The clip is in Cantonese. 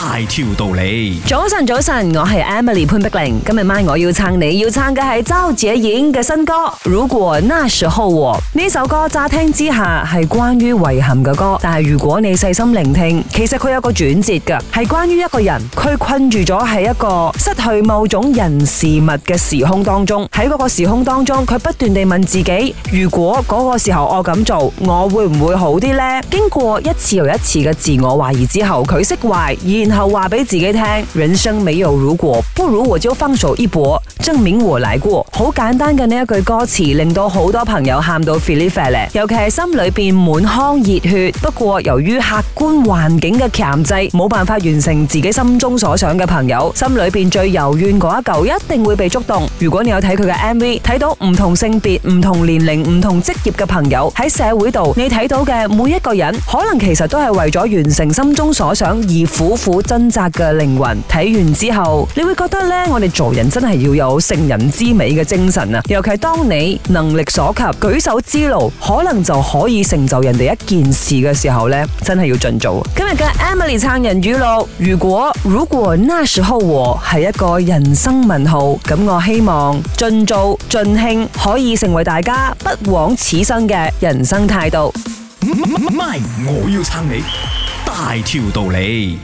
大條道理。早晨，早晨，我係 Emily 潘碧玲。今日晚我要撐你，要撐嘅係趙潔瑩嘅新歌《如果那時候我》。呢首歌乍聽之下係關於遺憾嘅歌，但係如果你細心聆聽，其實佢有個轉折嘅，係關於一個人佢困住咗喺一個失去某種人事物嘅時空當中。喺嗰個時空當中，佢不斷地問自己：如果嗰個時候我咁做，我會唔會好啲呢？」經過一次又一次嘅自我懷疑之後，佢釋懷然後話俾自己聽，人生沒有如果，不如我就放手一搏，證明我來過。好簡單嘅呢一句歌詞，令到好多朋友喊到 feel i e。尤其係心裏邊滿腔熱血，不過由於客觀環境嘅鉗制，冇辦法完成自己心中所想嘅朋友，心裏邊最柔軟嗰一嚿，一定會被觸動。如果你有睇佢嘅 MV，睇到唔同性別、唔同年齡、唔同職業嘅朋友喺社會度，你睇到嘅每一個人，可能其實都係為咗完成心中所想而苦苦掙扎嘅靈魂，睇完之後你會覺得呢，我哋做人真係要有成人之美嘅精神啊！尤其當你能力所及，舉手之勞，可能就可以成就人哋一件事嘅時候呢，真係要盡做。今日嘅 Emily 撐人語錄，如果如果那時候我係一個人生問號，咁我希望盡做盡興，可以成為大家不枉此生嘅人生態度。MY，我要撐你，大條道理。